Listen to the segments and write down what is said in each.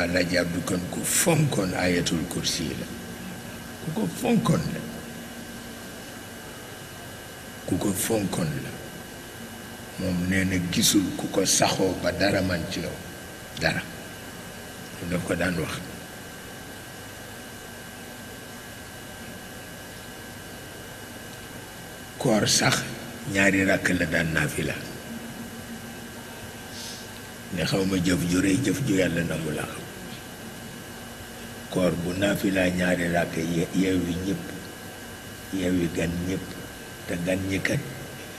Alaaji Abdu Kan ku fonkoon ayatul kursi la ku ko fonkoon la ku ko fonkoon la moom nee gisul ku ko saxoo ba dara man ci yow dara mu daf ko daan wax koor sax ñaari rakk la daan naafila ne xaw ma jëf ju rëy jëf ju yàlla nangu la koor bu naafilaa ñaari ràkk yeewi ñëpp yeewi gan ñëpp te gan ñi kat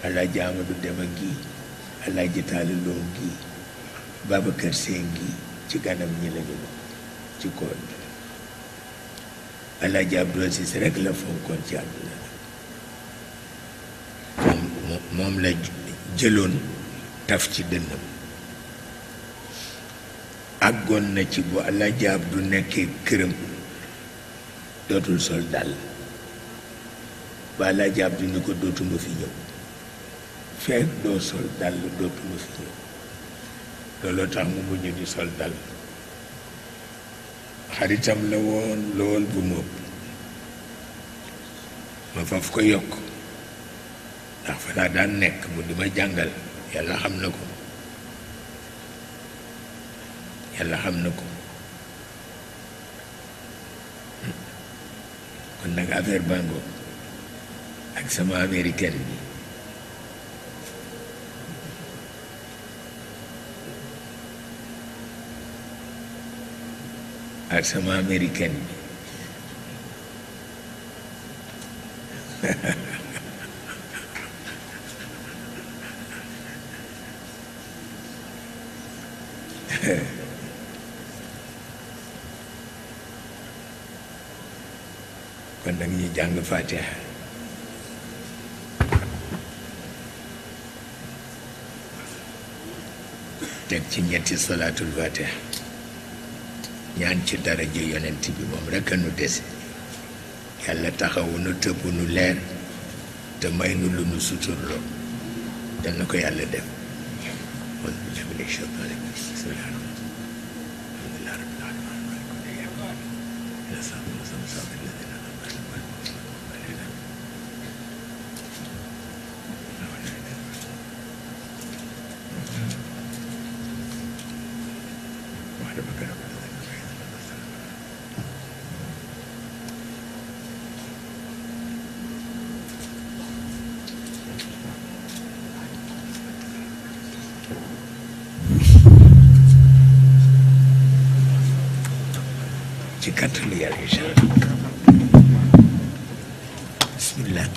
alaaji Amadou Deme ngi alaaji Taali Lo ngi Babacar Sèye ngi ci ganam ñi lañu bokk ci koor bi alaaji Abdou Aziz rek la fonkoon ci àdduna moom la jëloon taf ci dënnam ak àggoon na ci bu allah jaab du nekkee këram dootul sol dàll ba allah du ni ko dootuma fi ñëw feek doo sol dàll dootuma fi ñëw looloo tax mu mujj di sol dàll xaritam la woon la woon bu mu ma faf ko yokk ndax fa laa daan nekk mu di ma jàngal yàlla xam na ko yàlla xam na ko kon nag affaire bango ak sama américaine bi ak sama américaine bi Yeah. kon nag ñuy jàng fatiha teg ci ñetti salaatul fatiha ñaan ci daraja yonent bi moom rekk a nu dese yàlla taxawu nu tëbb leer te may nu lu nu suturloo dana ko yàlla def could have been a really great thing. Jika terlihat, Insya Allah. Bismillah.